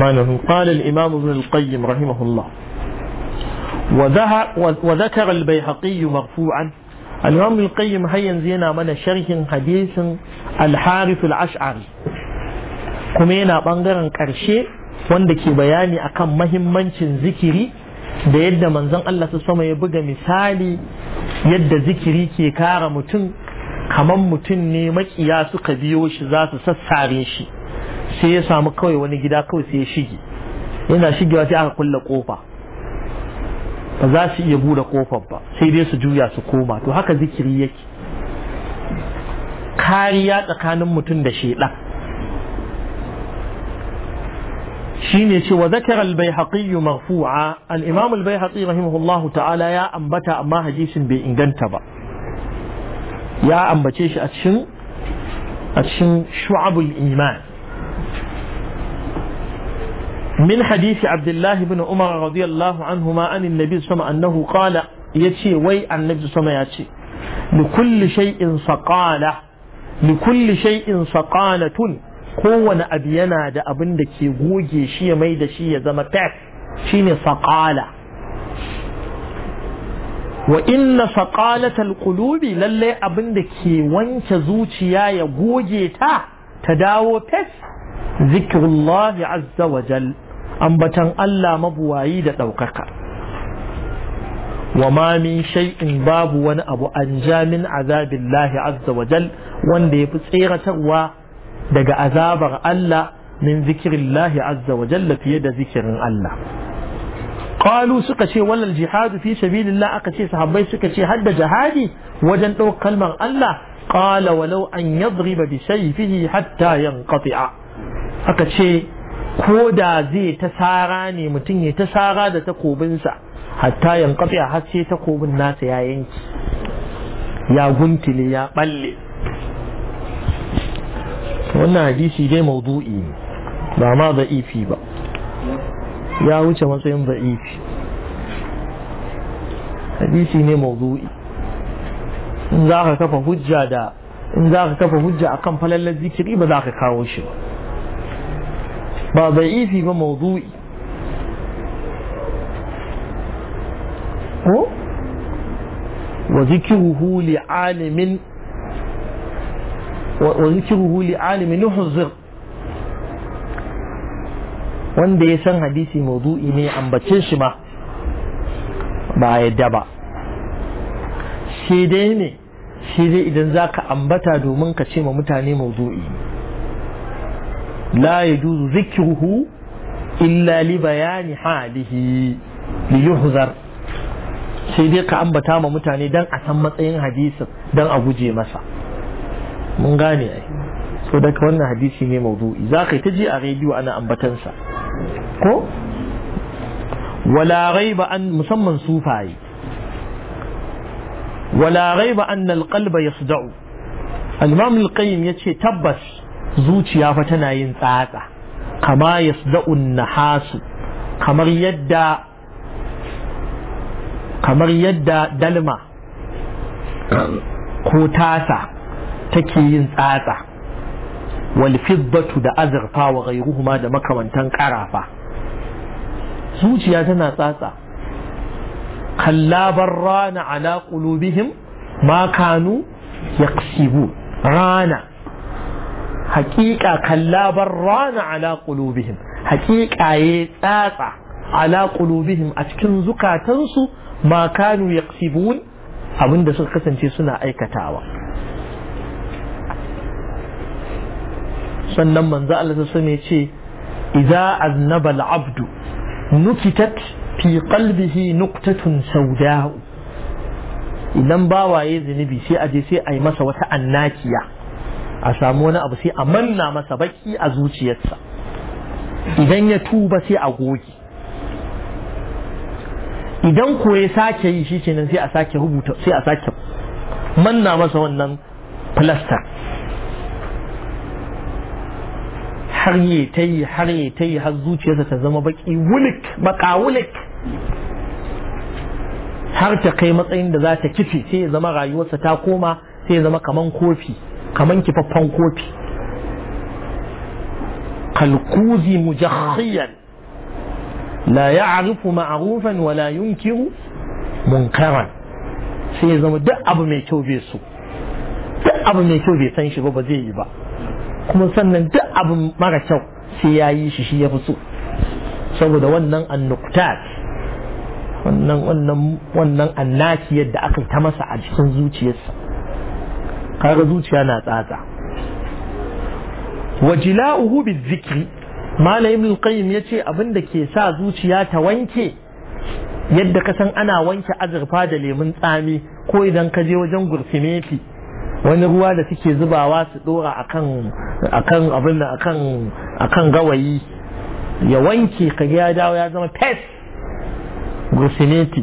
معنه قال الإمام ابن القيم رحمه الله وذكر البيهقي مرفوعا الإمام ابن القيم هيا زينا من شرح حديث الحارث الأشعري kuma yana ɓangaren ƙarshe wanda ke bayani akan mahimmancin zikiri da yadda manzon Allah su sama ya buga misali yadda zikiri ke kara mutum kamar mutum ne maƙiya suka biyo shi za su sassare shi sai ya samu kawai wani gida kawai sai ya shige yana shigewa sai aka kulle kofa ba za su iya bude kofar ba sai dai su juya su koma to haka zikiri yake kariya tsakanin mutum da shaidan shine ce wa zakara al-baihaqi marfu'a al-imam al rahimahullahu ta'ala ya ambata amma hadisin bai inganta ba ya ambace shi a cikin a cikin shu'abul iman Min hadisi Abdullahi الله Umar عمر رضي الله عنهما عن النبي صلى الله عليه وسلم أنه قال يتي وي عن النبي صلى الله عليه وسلم يتي لكل شيء سقالة kowane abu yana da abinda ke goge shi ya mai da shi ya zama tef shi ne saƙala wa inna saƙalatal qulubi lallai abin da ke wanke zuciya ya goge ta ta dawo tef zikrullahi azza wa jal ambatan Allah mabuwayi da ɗaukaka wa ma min shay'in babu wani abu an ja min azabillahi azza wa jal wanda yafi tseratarwa daga azabar Allah min zikirillahi azza wa jalla fiye da zikirin Allah Ƙalu suka ce walal jihadu fi sabilillah aka ce sahabbai suka ce hadda jihadi wajen ɗaukar kalmar Allah qala walau an yadriba bi sayfihi hatta yanqati'a aka ce ko da zai ta tsara ne mutum ya ta tsara da takobinsa hatta yankafi a sai takobin nasa ya yanki ya guntile ya balle wannan hadisi dai maudu'i ne ba ma za'ifi ba ya wuce matsayin za'ifi hadisi ne maudu'i in za ka kafa hujja da in za ka kafa hujja akan falalar zikiri ba za ka kawo shi ba ba da'ifi ba mawdu'i ko wa zikruhu li alimin wa zikruhu li alimin yuhzir wanda ya san hadisi mawdu'i ne ambacin shi ba. ba yadda ba shi dai ne shi dai idan za ka ambata domin ka ce ma mutane mawdu'i la yajuzu zikruhu illa li bayani halihi li yuhzar sai dai ka ambata ma mutane dan a san matsayin hadisin dan a guje masa mun gane ai so daga wannan hadisi ne maudu'i za ka yi ta ji a rediyo ana ambatansa ko Walarai raiba an musamman sufaye Walarai raiba an alqalba ya al-imam al-qayyim ce tabbas zuciya fa tana yin tsatsa kama yasda'un nahasu kamar yadda kamar yadda dalma ko tasa take yin tsatsa wal fiddatu da azurfa wa ghayruhuma da makamantan karafa zuciya tana tsatsa kalla barrana ala qulubihim ma kanu yaqsibu rana haƙiƙa kalla barrana ala qulubihim haƙiƙa ya tsatsa ala ƙulubihim a cikin zukatansu ma kanu yaqsibun abinda suka kasance suna aikatawa sannan manzo Allah sai ne ce idza aznaba al-abdu nukitat fi qalbihi nuqtatun sawda'u idan bawaye zunubi sai aje sai ai masa wata annakiya a samu wani abu sai a manna masa baki a zuciyarsa idan ya tuba sai a goge idan ko ya sake yi shi kenan sai a sake rubuta sai a sake manna masa wannan plaster har yi ta yi har yi ta yi har zuciyarsa ta zama baki wulik baka wulik har ta kai matsayin da za ta kife sai ya zama rayuwarsa ta koma sai ya zama kaman kofi kaman kifaffen kofi kalkuzi mujakhiyan la ya'rifu ma'rufan wa la yunkiru munkaran sai ya zama duk abu mai kyau bai so duk abu mai kyau bai san shi ba ba zai yi ba kuma sannan duk abu mara kyau sai ya yi shi shi ya fi so saboda wannan annuktat wannan wannan wannan annaki yadda aka ta masa a cikin zuciyarsa kaga zuciya na tsatsa wajila'uhu bizikri malamin al-qayyim yace abin da ke sa zuciya ta wanke yadda ka san ana wanke azurfa da lemun tsami ko idan ka je wajen gurfimeti wani ruwa da suke zubawa su dora akan akan abin akan akan gawayi ya wanke ka ya dawo ya zama pes gurfimeti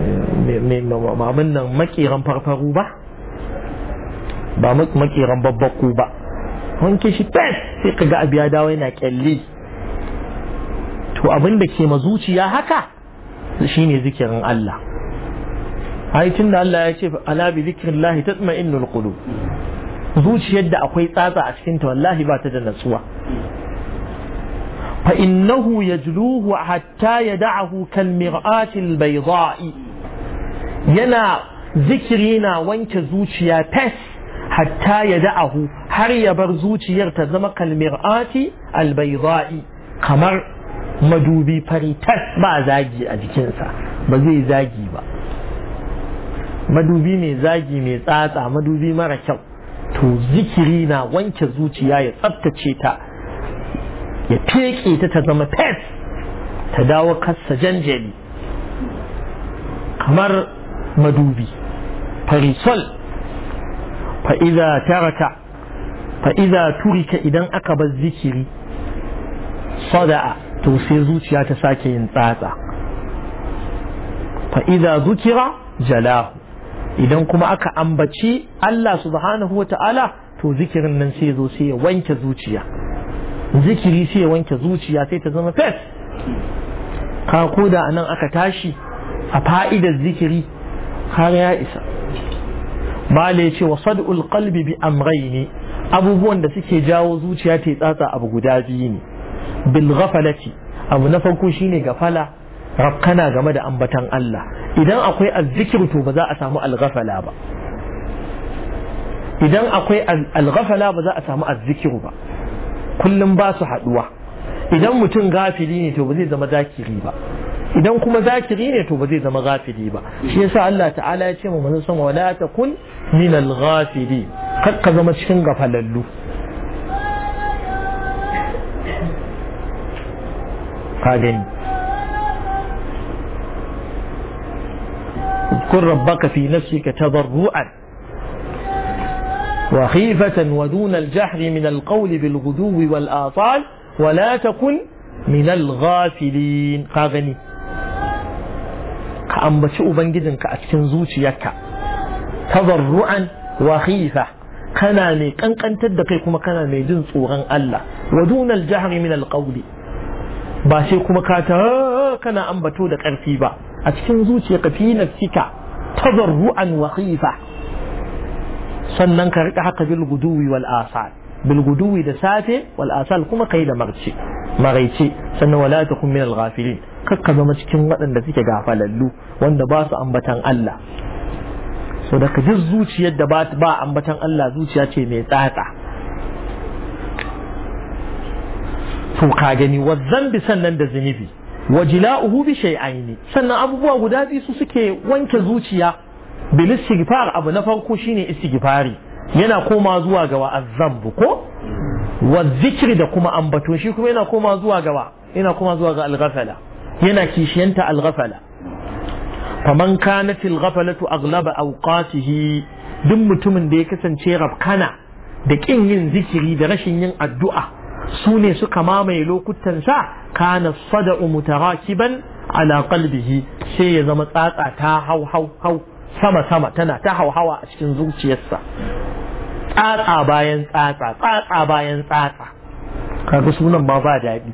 eh, abin nan makiran farfaru ba ba babbar ku ba wanke shi fes sai ka ga abu ya dawo yana kyalli to abinda ke ke mazuciya haka shine zikirin Allah ai da Allah ya ce ala bi zikrillah tatma'innul qulub zuciyar da akwai tsatsa a cikin ta wallahi ba ta da natsuwa fa innahu yajluhu hatta yad'ahu kal mir'atil bayda'i yana zikiri na wanke zuciya fes hatta ya da'ahu har ya bar zuciyar ta zama ati albayda'i kamar madubi fari ba zagi a jikinsa ba zai zagi ba madubi mai zagi mai tsatsa madubi mara kyau to zikiri na wanke zuciya ya tsabtace ta ya feke ta ta zama fes ta dawo kasa janjali kamar madubi farisol fa taraka fa turika idan aka bar zikiri sada'a to sai zuciya ta sake yin tsatsa Fa'iza zukira jalahu idan kuma aka ambaci Allah subhanahu wa ta'ala to zikirin nan sai zo sai ya wanke zuciya zikiri sai ya wanke zuciya sai ta zama fes ka koda anan aka tashi a fa'idar zikiri har ya isa mala ce wa sad'ul qalbi bi ne abubuwan da suke jawo zuciya ta tsatsa abu guda biyu ne bil ghafalati abu na farko shine gafala rakkana game da ambatan Allah idan akwai azzikir to ba za a samu alghafala ba idan akwai alghafala ba za a samu azzikiru ba kullum ba su haduwa idan mutum gafili ne to ba zai zama zakiri ba idan kuma zakiri ne to ba zai zama gafili ba shi yasa Allah ta'ala ya ce mu manzo sama wala takun من الغافلين قد قزم شكن غفل قادم اذكر ربك في نفسك تضرعا وخيفة ودون الجحر من القول بالغدو والآطال ولا تكن من الغافلين قاغني كأن بشئ بنجدن كأتكن يكأ tadarru'an wa khifa kana mai kankantar da kai kuma kana mai jin tsoron Allah wa dunal jahri min ba sai kuma ka ta kana ambato da karfi ba a cikin zuciyarka fi nafsika tadarru'an wa khifa sannan ka rika haka bil guduwi wal asal bil guduwi da safe wal asal kuma kai da marci maraice sannan wala takun min al ghafilin kakka zama cikin waɗanda suke gafalallu wanda ba su ambatan Allah so daga duk zuciyar da ba ambatan Allah zuciya ce mai tsatsa to ka gani wazzan bi sannan da zunubi wajila'uhu bi shay'aini sannan abubuwa guda biyu su suke wanke zuciya bil istighfar abu na farko shine istighfari yana koma zuwa ga wa'azzambu ko wa zikri da kuma ambato shi kuma yana koma zuwa ga yana koma zuwa ga al yana kishiyanta al faman kanatil ghaflatu aghlaba awqatihi duk mutumin da ya kasance rafkana da kin yin zikiri da rashin yin addu'a sune suka mamaye lokutan sa kana sada'u mutarakiban ala qalbihi sai ya zama tsatsa ta hau hau hau sama sama tana ta hau hawa a cikin zuciyarsa tsatsa bayan tsatsa tsatsa bayan tsatsa kaga sunan ma ba daɗi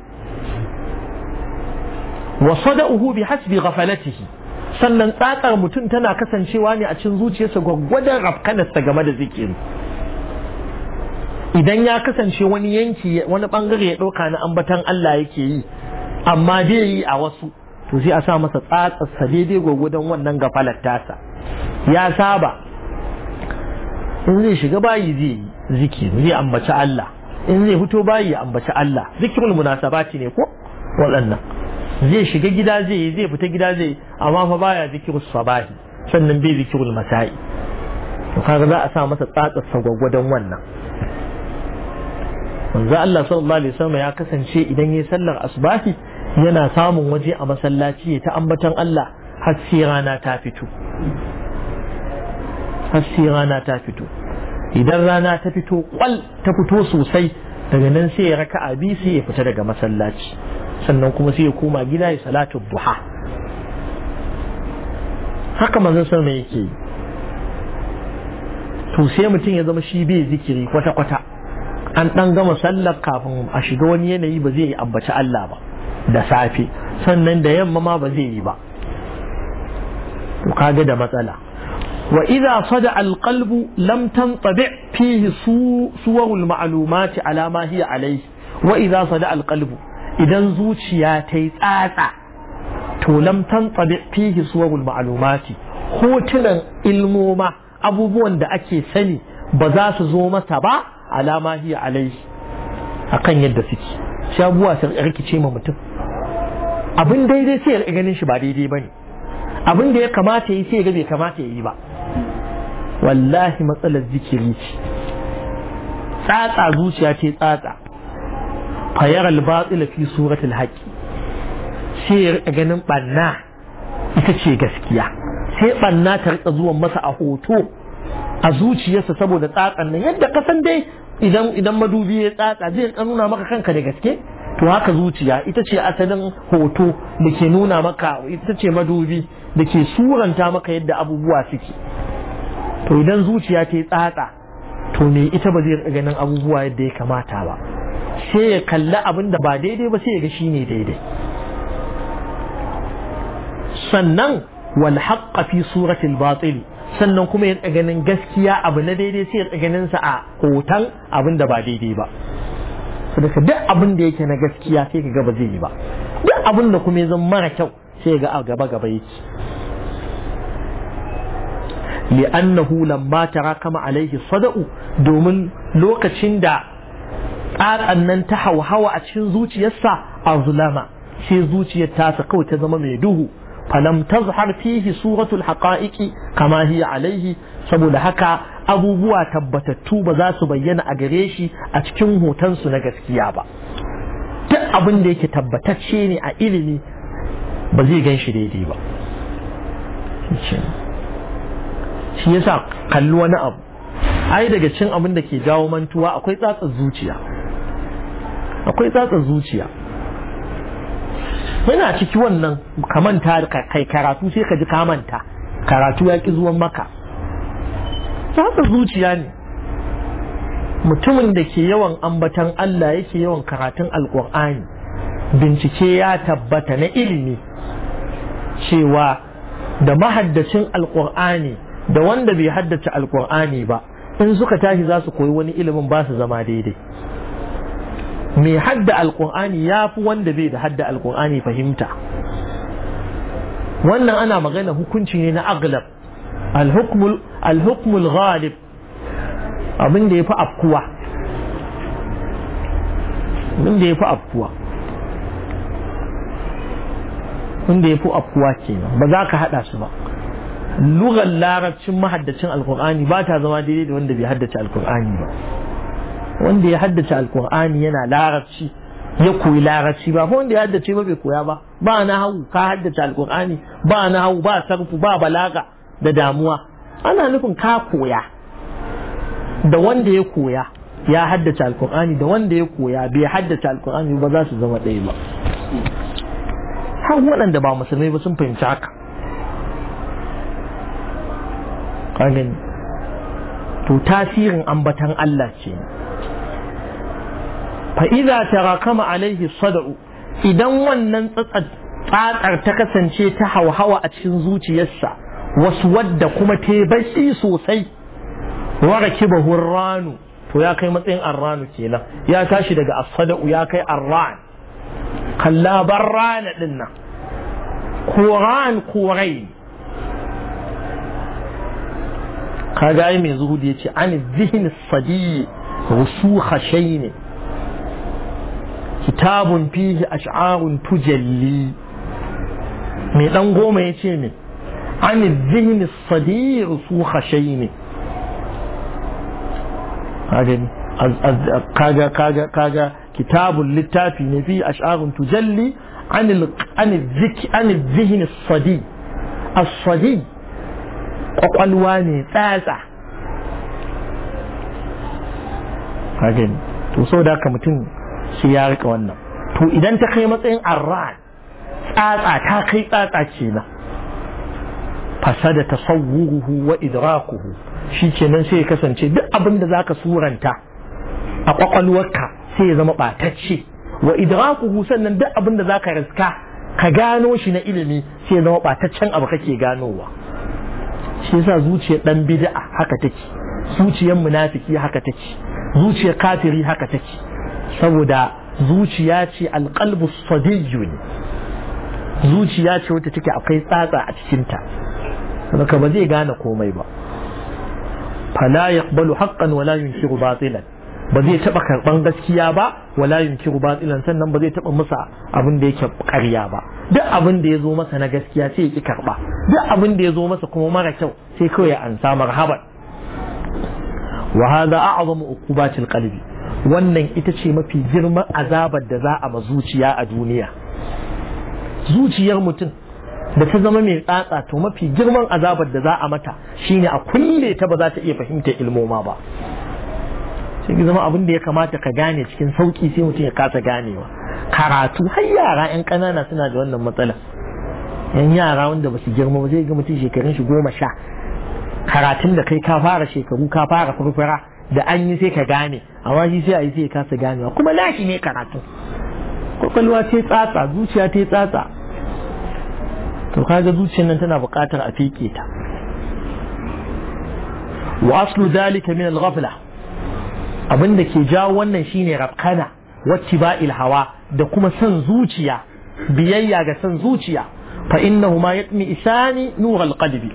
wa sada'uhu bi hasbi ghafalatihi sannan tsatsar mutum tana kasancewa ne a cin zuciyarsa gwaggwadon rafkanarsa game da zikiri idan ya kasance wani yanki wani bangare ya ɗauka na ambatan Allah yake yi amma bai yi a wasu to sai a sa masa tsatsar sa daidai gwaggwadon wannan gafalar tasa ya saba in zai shiga bayi zai yi zikiri zai ambaci Allah in zai fito bayi ya ambaci Allah zikirul munasabati ne ko waɗannan zai shiga gida zai yi zai fita gida zai amma fa baya zikirus sabahi sannan bai zikirul masa'i to kaga za a sa masa tsatsar sagwagwadon wannan manzo Allah sallallahu alaihi wasallam ya kasance idan yayi sallar asbahi yana samun waje a masallaci ya ta ambatan Allah har sai rana ta fito har sai rana ta fito idan rana ta fito kwal ta fito sosai daga nan sai ya raka'a bi sai ya fita daga masallaci sannan kuma sai ya koma gida ya salatu duha haka manzon sa mai yake to sai mutum ya zama shi bai zikiri kwata kwata an dan gama sallar kafin a shiga wani yanayi ba zai yi ambaci Allah ba da safe sannan da yamma ma ba zai yi ba to kaga da matsala wa idza sada alqalbu lam tantabi fihi suwarul ma'lumati ala ma hiya alayhi wa idza sada alqalbu idan zuciya ta yi tsatsa to lam tantabi fihi suwarul ma'lumati hotunan ilmoma abubuwan da ake sani ba za su zo masa ba alama hiya alaihi akan yadda suke sai abubuwa su rikice ma mutum abin daidai sai ya ganin shi ba daidai ba ne abin da ya kamata yi sai ga bai kamata ya yi ba wallahi matsalar zikiri ce tsatsa zuciya ce tsatsa fayar albatsila fi suratul haqqi sai ya rika ganin banna ita ce gaskiya sai banna ta rika zuwa masa a hoto a zuciyarsa saboda tsatsan nan yadda kasan dai idan idan madubi ya tsatsa zai rika nuna maka kanka da gaske to haka zuciya ita ce asalin hoto da ke nuna maka ita ce madubi da ke suranta maka yadda abubuwa suke to idan zuciya ta yi tsatsa to ne ita ba zai ganin abubuwa yadda ya kamata ba sai ya kalli abin da ba daidai ba sai ya ga shine daidai sannan wal fi suratil batil sannan kuma ya ganin gaskiya abu na daidai sai ya ganin sa a hoton abin da ba daidai ba saboda duk abin da yake na gaskiya sai ka gaba ba zai yi ba duk abin da kuma ya zama mara kyau sai ga a gaba gaba yake li'annahu lamma kama alaihi sada'u domin lokacin da tsatsan nan ta hauhawa a cikin zuciyarsa a Al-Zulama, sai zuciyar ta ta kawai ta zama mai duhu falam zuhar fihi suratul haƙa'iƙi kama hiya alaihi saboda haka abubuwa tabbatattu ba za su bayyana a gare shi a cikin hotonsu na gaskiya ba duk abin da yake tabbatacce ne a ilimi ba zai gan shi daidai ba shi yasa kalli wani abu ai daga cin abin da ke jawo mantuwa akwai tsatsar zuciya akwai tsatsa zuciya muna ciki wannan kamanta kai karatu sai ka ji kamanta karatu ya ki zuwan maka tsatsa zuciya ne mutumin da ke yawan ambatan Allah yake yawan karatun alkur'ani bincike ya tabbata na ilimi cewa da mahaddacin Alƙur'ani da wanda bai haddace alkur'ani ba in suka tashi za su koyi wani ilimin ba su zama daidai mai hadda alkur'ani ya fi wanda bai da hadda alkur'ani fahimta wannan ana magana hukunci ne na aglab alhukmul ghalib abin da ya fi afkuwa abin da ya fi afkuwa abin da ya fi afkuwa kenan ba za ka hada su ba lugar larabcin mahaddacin alkur'ani ba ta zama daidai da wanda bai haddace alkur'ani ba wanda ya haddace alkur'ani yana larabci ya koyi larabci ba wanda ya haddace ba bai koya ba ba na hau ka haddace alkur'ani ba na hau ba sarfu ba balaga da damuwa ana nufin ka koya da wanda ya koya ya haddace alkur'ani da wanda ya koya bai haddace alkur'ani ba za su zama ɗaya ba har waɗanda ba musulmai ba sun fahimci haka to tasirin ambatan Allah ce fa ta tarakama alaihi sad'u idan wannan tsatsar ta kasance ta hauhawa a cikin zuciyarsa wasu wadda kuma ta baki sosai wa rakibahu ranu to ya kai matsayin arranu kenan ya tashi daga as-sada'u ya kai arran kalla barrana dinnan kuran kurai kaga ai mai zuhudi ce an zihin sadi hashe ne. kitabun fihi ash'arun tujalli mai dan goma ya ce min an zihni sadiru su khashai ne kaga kaga kaga kitabun littafi ne fi ash'arun tujalli an zihni sadi as-sadi kwakwalwa ne tsatsa kaga to so da ka mutum sai ya rika wannan to idan ta kai matsayin arraan tsatsa ta kai tsatsa kenan fasada tasawwuruhu wa idrakuhu nan sai ya kasance duk abin da zaka suranta a kwakwalwarka sai ya zama batacce wa idrakuhu sannan duk abin da zaka riska ka gano shi na ilimi sai ya zama bataccen abu kake ganowa shi yasa zuciyar dan bid'a haka take zuciyar munafiki haka take zuciyar kafiri haka take saboda zuciya ce alƙalbu sadiyyu ne zuciya ce wata take akwai tsatsa a cikinta saboda ba zai gane komai ba fala yaqbalu haqqan wala yunkiru batilan ba zai taba karban gaskiya ba wala yunkiru batilan sannan ba zai taba masa abin da yake ƙarya ba duk abin da ya zo masa na gaskiya sai ya ki karba duk abin da ya zo masa kuma mara kyau sai kawai an sa marhaban wa hada a'zamu uqubatil qalbi wannan ita ce mafi girman azabar da za a ma zuciya a duniya zuciyar mutum da ta zama mai tsatsa to mafi girman azabar da za a mata shine a kulle ta ba za ta iya fahimta ilmoma ba sai ki zama abin da ya kamata ka gane cikin sauki sai mutum ya kasa ganewa karatu har yara yan kanana suna da wannan matsala yan yara wanda basu girma ba zai ga mutum shekarun shi goma sha karatun da kai ka fara shekaru ka fara furfura da an yi sai ka gane amma shi sai a yi sai ka kasa ganewa kuma lashi ne karatu kwakwalwa ce tsatsa zuciya ta tsatsa to kaga zuciyar nan tana buƙatar a feke ta wa aslu dalika min al-ghafla abinda ke jawo wannan shine rabkana wattiba'il hawa da kuma san zuciya biyayya ga san zuciya fa innahuma yatmi isani nur al-qalbi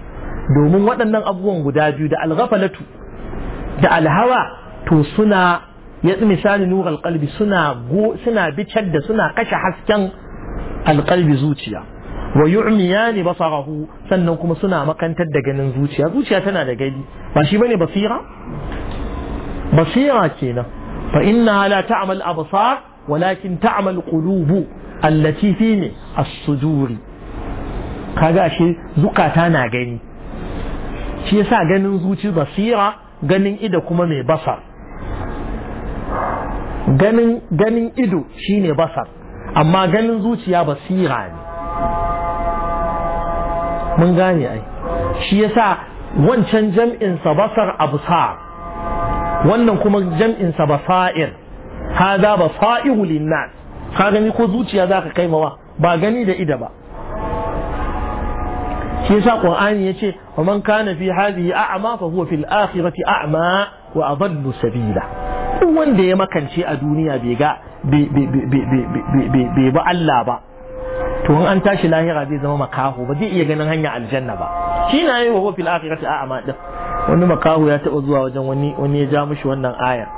domin waɗannan abubuwan guda biyu da al-ghaflatu da alhawa to suna ya misali nur alkalbi suna go suna bicar da suna kashe hasken Alkalbi zuciya wa ne basarahu sannan kuma suna makantar da ganin zuciya zuciya tana da gani ba shi bane basira basira kenan fa inna la ta'mal absar walakin ta'mal qulubu allati fi as-suduri kaga shi zukata na gani shi yasa ganin zuci basira ganin ido kuma mai basar ganin ganin ido shine basar amma ganin zuciya basira ne mun gane ai shi yasa wancan jam'in sa basar absar wannan kuma jam'in sa basair hada basairu linnas ka gani ko zuciya zaka kai mawa ba gani da ido ba shi yasa qur'ani yace wa man kana fi hadhihi a'ma fa huwa fil akhirati a'ma wa adallu sabila duk wanda ya makance a duniya bai ga bai ba Allah ba to in an tashi lahira zai zama makaho ba zai iya ganin hanya aljanna ba shi na yi wa huwa fil akhirati a'ma din wani makaho ya taba zuwa wajen wani wani ya ja mishi wannan aya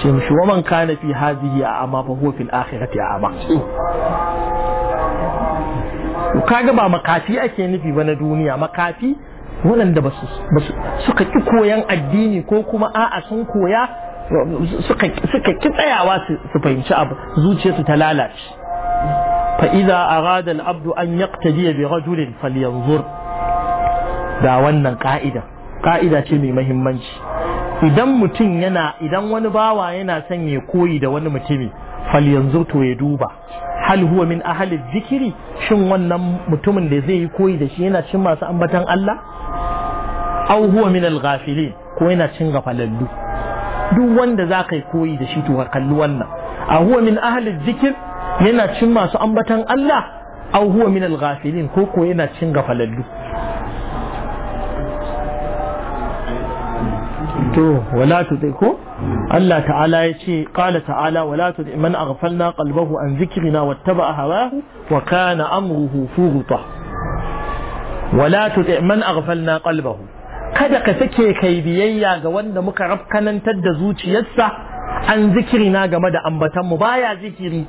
ce mishi wa man kana fi hadhihi a'ma fa huwa fil akhirati a'ma kaga ba makafi ake nufi ba na duniya makafi waɗanda ba su suka ki koyan addini ko kuma a'a sun koya suka ki tsayawa su fahimci abu su ta lalace fa idza arada al-abdu an yaqtadi bi rajulin falyanzur da wannan ka'ida ka'ida ce mai muhimmanci idan mutum yana idan wani bawa yana son ya koyi da wani mutumi falyanzur to ya duba hal huwa min ahli zikiri shin wannan mutumin da zai yi koyi da shi yana cin masu ambatan Allah huwa min al ko yana cin gafalallu duk wanda za ka yi koyi da shi to kalli wannan a huwa min ahli zikir yana cin masu ambatan Allah aw huwa min al ko ko yana cin gafalallu to wala tuti ko Allah ta'ala ya ce ƙala ta'ala wala tuti man aghfalna qalbahu an zikrina wattaba'a hawahu wa kana amruhu furuta wala tuti man aghfalna qalbahu kada ka sake kai biyayya ga wanda muka rafkanantar da zuciyarsa an zikirina game da ambatan mu baya zikiri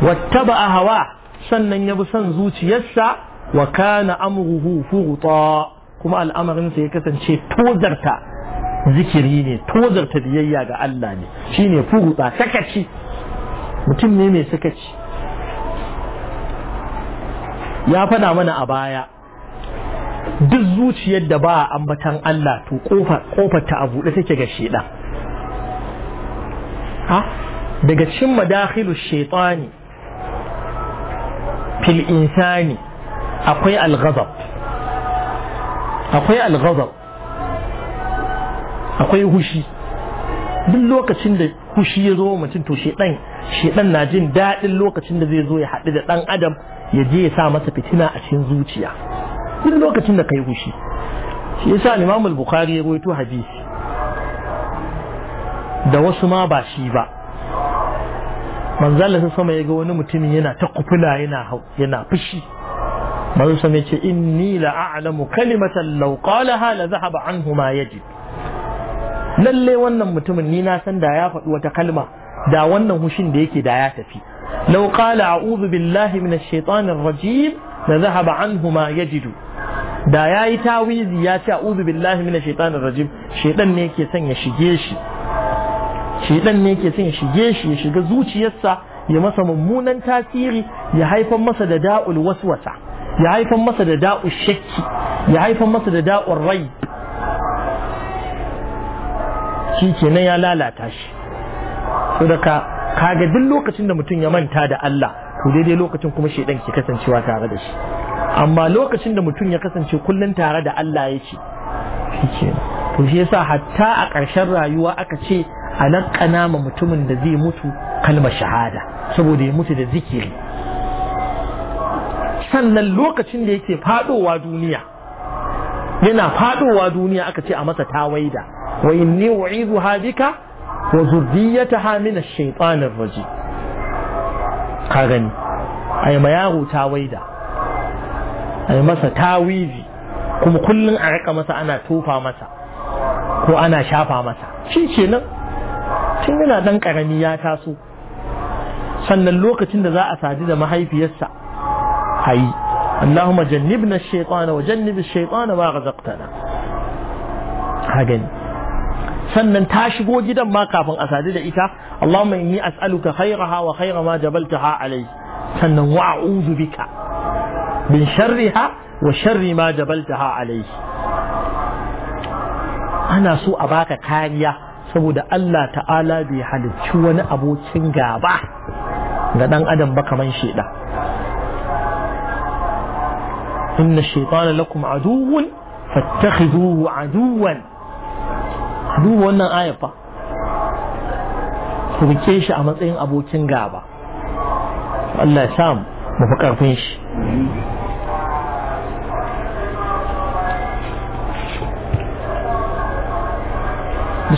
wattaba'a hawa sannan ya bi son zuciyarsa wa kana amruhu furuta kuma al'amarinsa ya kasance tozarta zikiri ne tozarta biyayya ga Allah ne shine furuta sakaci mutum ne mai sakaci ya fada mana a baya duk zuciyar da ba ambatan Allah to kofar ta a buɗe take ga shaidan ha daga cikin madakhilu shaitani fil insani akwai al akwai al akwai hushi duk lokacin da hushi ya zo wa mutum to shedan shedan na jin daɗin lokacin da zai zo ya haɗu da ɗan adam ya je ya sa masa fitina a cikin zuciya duk lokacin da kai hushi shi yasa Imam al-Bukhari ya rawaito hadisi da wasu ma ba shi ba manzala sama ya ga wani mutumin yana ta kufula yana yana fushi manzo sama ya ce inni la a'lamu kalimatan law qalaha la zahaba anhu ma yajid Lallai wannan mutumin ni na san da ya faɗi wata kalma da wannan hushin da yake da ya tafi law qala a'udhu billahi minash rajim la dhahaba anhu ma yajidu da yayi tawizi ya ce a'udhu billahi minash shaitanir rajim shaitan ne yake son ya shige shi ya shiga zuciyarsa ya masa mummunan tasiri ya haifar masa da da'ul waswata ya haifar masa da da'ul shakki ya haifar masa da da'ul rai shi kenan ya lalata shi ka ga duk lokacin da mutum ya manta da Allah to daidai lokacin kuma shedan ke kasancewa tare da shi amma lokacin da mutum ya kasance kullum tare da Allah shi shikenan to shi yasa hatta a ƙarshen rayuwa aka ce a alaqana ma mutumin da zai mutu kalma shahada saboda ya mutu da zikiri sannan lokacin da yake fadowa duniya yana fadowa duniya aka ce a masa tawaida wa inni u'idhuha bika wa zurriyataha min ash-shaytan ar-rajim ka gani ai yaro ta waida ai masa tawizi kuma kullum a rika masa ana tofa masa ko ana shafa masa shi kenan tun yana dan karami ya taso sannan lokacin da za a sadu da mahaifiyarsa hayi اللهم جنبنا الشيطان وجنب الشيطان ما رزقتنا هاجن sannan ta shigo gidan ma kafin a sadu da ita Allahumma inni as'aluka khairaha wa khaira ma ha alai sannan wa a'udhu bika min sharriha wa sharri ma ha alai ana so a baka kariya saboda Allah ta'ala bai halicci wani abokin gaba ga dan adam ba kaman sheda inna shaytana lakum aduwwun fattakhidhuhu aduwwan duba wannan aya fa ku rike shi a matsayin abokin gaba Allah ya samu mu karfin shi